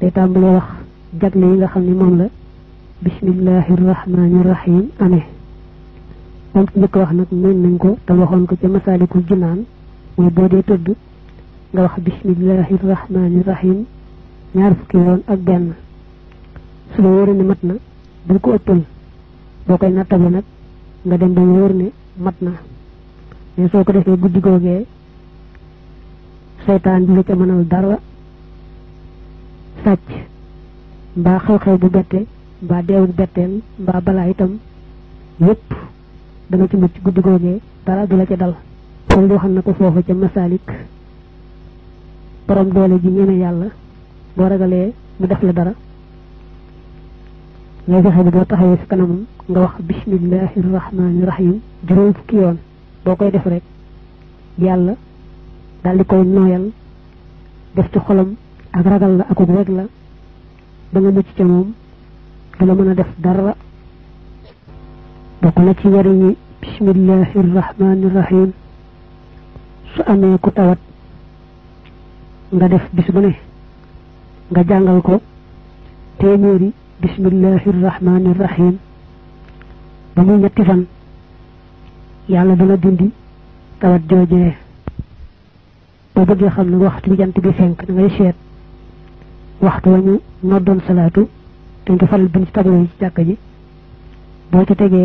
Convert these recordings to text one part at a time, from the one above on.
day tàmbalee wax jagle yi nga xam ne moom la bismillahi rahmaani rahim amee moom ci njëkk wax nag mën nañ ko te waxoon ko ca masaalikul jinaan mooy boo dee tëdd nga wax bismillahi rahmaani rahim ñaar fukki yoon ak benn su la wóoree ne mat na bul ko ëppal boo koy nattale nag nga dem ba wóor ne mat na mais soo ko defee guddi googee seytaan bi la ca mënal dara tàcc mbaa xew-xew bu bette mbaa deewug betteem mbaa balaa itam yépp danga ci mucc guddi googee dara du la ca dal sëñ bi xam na ko foofu ca masaalik borom doole ji ñeme yàlla boo ragalee mu def la dara ngay fexe bi boo taxawee si kanamam nga wax bismillahi rahmaani rahim juróom fukki yoon boo koy def rek yàlla dal di koy nooyal def ci xolam ak ragal la ak weg la da nga mucc ci mom da la mëna def dara bokku la ci ni bismillahir rahmanir rahim su amé ku tawat nga def bis bu ne nga jangal ko téeméeri bismillahir rahmanir rahim ba muy ñetti fan ya dindi tawat jojé boo bëgg xam ne waxtu bi jant bi fenk da ngay waxtu wañu noddon salatu te nga faral bin ci tabu ci jakka ji ci tege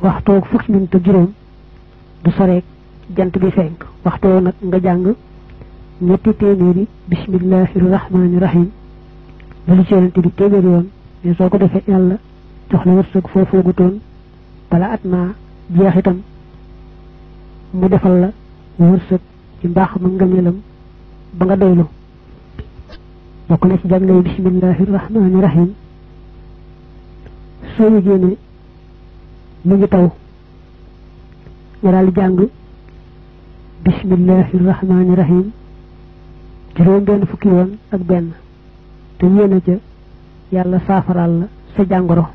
waxtu ak fukk min to juroom du sore jant bi fenk waxtu nak nga jang ñetti téeméeri bismillahir rahmanir rahim bu ci ci yonante bi téeméer yoon mais soko defé yalla jox na bala mu defal la ci mbax mu ngamelam ba nga doylo bokk na ci jàngale bismillahi rahmaani rahim soo yëgee mu ngi taw nga daal jàng bismillahi rahmaani rahim juróom benn fukki yoon ak benn te yéena ca yàlla saafaraal la sa jàngoro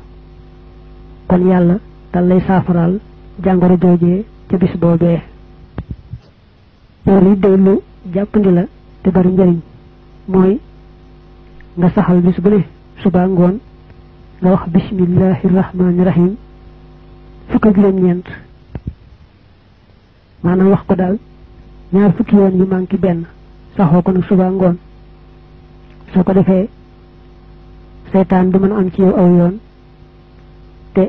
kon yàlla dal lay saafaraal jàngoro joojee ca bis boobee loolu day jàppandi la te bari njëriñ mooy nga saxal bis bu ne suba ngoon nga wax bismillahi rahmaani rahim fukk ak juróom-ñeent maanaam wax ko daal ñaar fukki yoon yu manqué benn saxoo ko nag suba ngoon soo ko defee seytaan du mën a am ci yow aw yoon te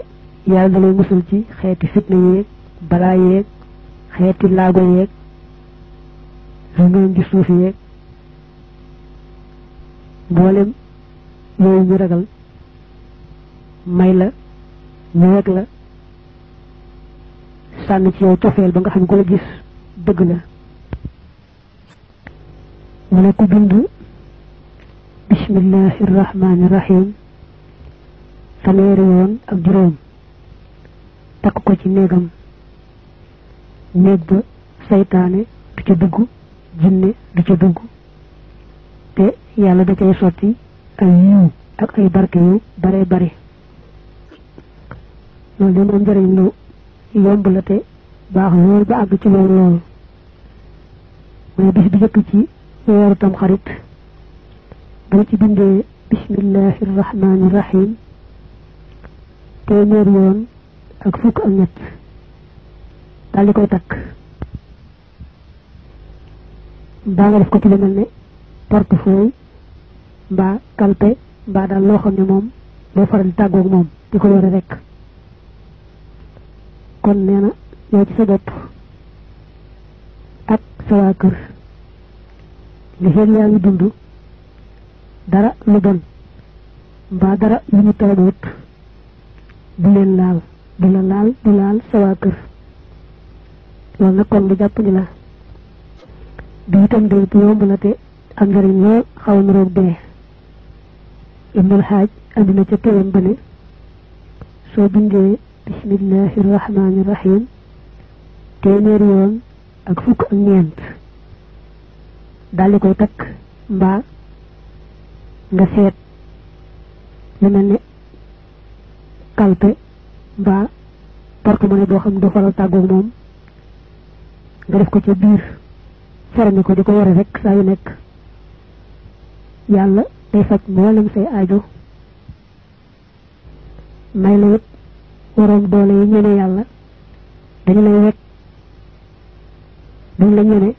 yàlla da lay musul ci xeeti fitna yeeg balaa yeeg xeeti laago yeeg lu ngeen di suuf yeeg mboolem yooyu ñu ragal may la ñu weg la sànn ci yow cofeel ba nga xam ko la gis dëgg la mu ne ku bind bismillahi rahmaani rahim fanweeri yoon ak juróom takk ko ci néegam néeg ba saytaane du ca dugg jinne du ca dugg te yàlla da cay soti ay yu ak ay barke yu bare bare loolu de moom njëriñ lu yomb la te baax lool ba ag ci loolu lool mooy bis bi jëkk ci yor tam xarit bu ci bindé bismillahir rahmanir rahim téeméer yon ak fuk ak ñet daal di koy takk nga def ko ci lu mel ne portefeuille mbaa kalpe mbaa daal loo xam ne moom day faral di tàggoog moom di ko yore rek kon nee na yow ci sa bopp ak sa waa kër li xel yaa ngi dund dara lu bon mbaa dara lu ñu tawut du leen laal du la laal du laal sa waa kër loolu nag kon lu jàpp ni la bi itam day bu yomb la te am njëriñ lool xaw a dee ibnul xaaj andi na ca téeram bale soo bindee bismillahi rahmaani rahim téeméer yoon ak fukk ak ñeent daldi koy takk mbaa nga seet lu mel ne kalpe mbaa porte-monnaie boo xam ne du faral tàggoog moom nga def ko ca biir ferme ko di ko yore rek saa nekk yàlla day faj mboolem say aaju may la it waroom doole yi ñene yàlla dañu lay wet duñ la ñene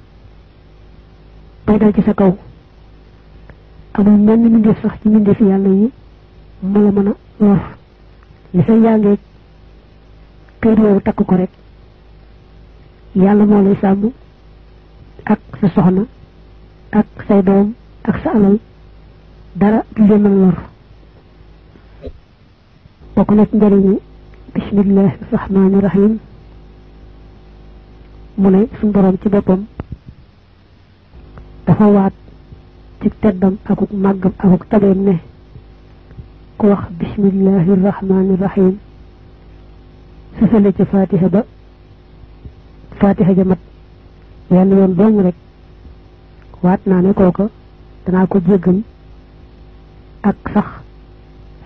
bay dal ci sa kaw amu amul menn mbindeef sax ci mbindeef yàlla yi mu la mën a lor li sa yàngee këyit woowu takk ko rek yàlla moo lay sàmm ak sa soxna ak say doom ak sa alal dara du leen a lor bokk na ci njëriñu bismillahi rahmaani rahim mu ne suñu borom ci boppam dafa waat ci teddam akuk màggam akuk tabeem ne ku wax bismillahi rahmaani rahim sësale ca fatiha ba fatiha ja mat wenn yoon dong rek waat naa ne kooka danaa ko jéggal ak sax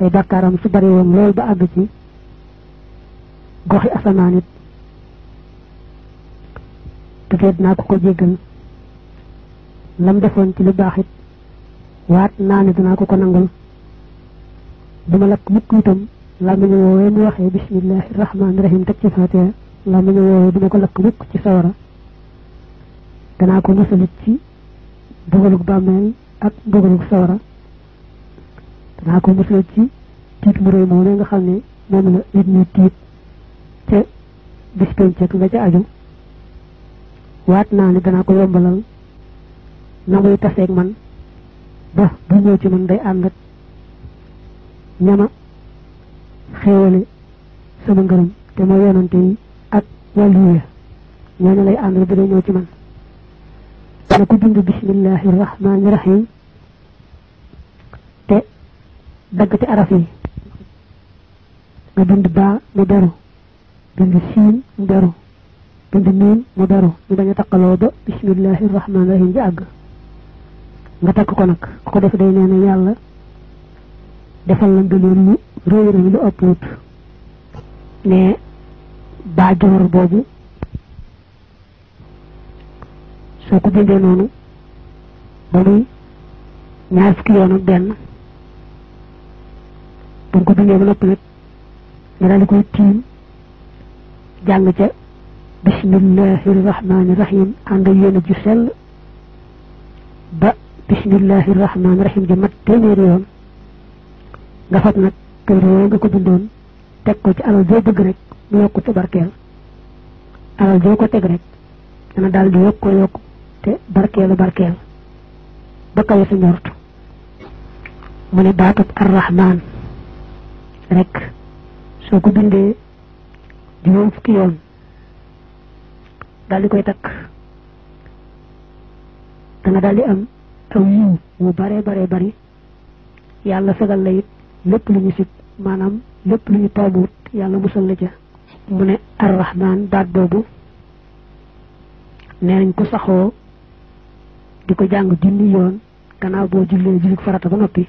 ay bàkkaaram su bari woon lool ba àgg ci goxi asamaan it te feet naa ko ko jéggal lam defoon ci lu baax it waat naa ko ko nangul duma lakk mukk itam làmmiñu woowee mu waxee bismillahi rahmaani rahim teg ci faatiha làmmiñu woowee duma ko lakk mukk ci sawara danaa ko musalit ci bugalug bàmmeel ak bugalug sawara danaa ko musal ci tiit mu rëy moom nga xam mom la nit ñi tit te bis pencek nga ci aju wat na ni dana ko yombalal na muy taseeg man ba bu ñew ci man day ànd ak ñama xewale sama ngeerum te ma yonante yi ak ya lay bu ci man ko rahim dagati araf yi nga bind ba mu daru bind siin mu daru bind miim mu daru ñu bañ a taqaloo ba bismillahi rahim ji àgg nga takk ko nag ko def day neena na yàlla defal la ngëneel lu rëy rëy lu ëpp ne baa joor boobu soo ko bindee noonu ba muy ñaar bu ko jullee ba noppi nag nga daal di koy tiim jàng ca bismillahi rahmaani rahim ànd ak yéen ju sell ba bismillahi rahmaani rahim ja mat téeméeri yoon nga fab nag kër yooyu nga ko bindoon teg ko ci alal joo bëgg rek mu yokku ci barkeel alal joo ko teg rek dana daal di yokk yokk te barkeelu barkeel ba kawe sa njort mu ne baatub arrahmaan rek suku bende bindee kion fukki yoon dal di koy da di am aw yiw bare bare bari yalla fegal la lepp lépp lu ñu sib manam lépp lu ñu taabuut musal la ca mu ne arrahman rahman boobu nee ko saxo di jang dindi junni yoon gannaaw boo jullee farata ba nopi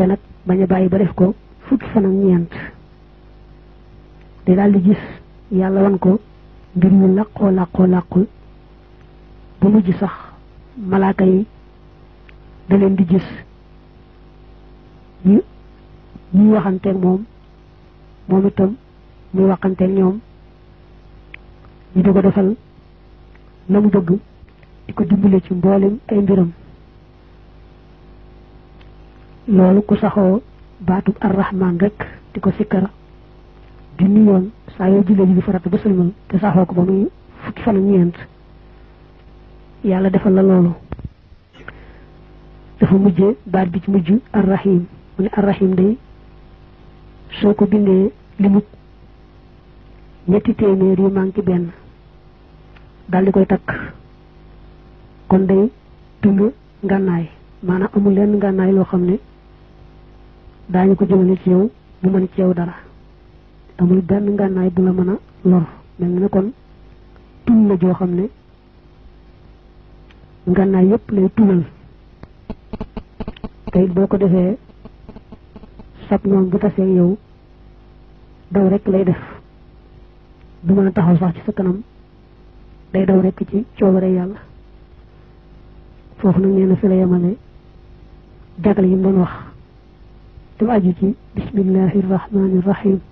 te nag bañ a bàyyi ba def ko fukki fan ak ñeent day daal di gis yàlla wan ko mbir yu làqoo làqoo làqul ba mujj sax malaaka yi da di gis ñu ñuy waxanteeg moom moom itam muy waxanteeg ñoom ñu di ko defal la mu bëgg di ko dimbale ci mboolem ay mbiram loolu ku saxoo batu arrahman rek di ko di junni woon saa yoo jullee ji farata ba sëlmal te saxoo ko ba muy fukki fan ñeent yàlla defal la loolu dafa mujjee baat bi ci mujj arrahim mu ne arrahim day soo ko bindee limut ñetti téeméer yu manqué benn dal di koy takk kon day dund ngànnaay maanaam amul lenn ngànnaay loo xam daañu ko jëmale ci yow bu mën ci yow dara amul benn ngànnaay bu la mën a lor mel na kon tul la joo xam ne ngànnaay yépp lay tulal te boo ko defee sab noonu bu tasee yow daw rek lay def du mën a taxaw sax ci sa kanam day daw rek ci coobare yàlla foofu nag nee na fi la yemale yi mu wax تواجهي بسم الله الرحمن الرحيم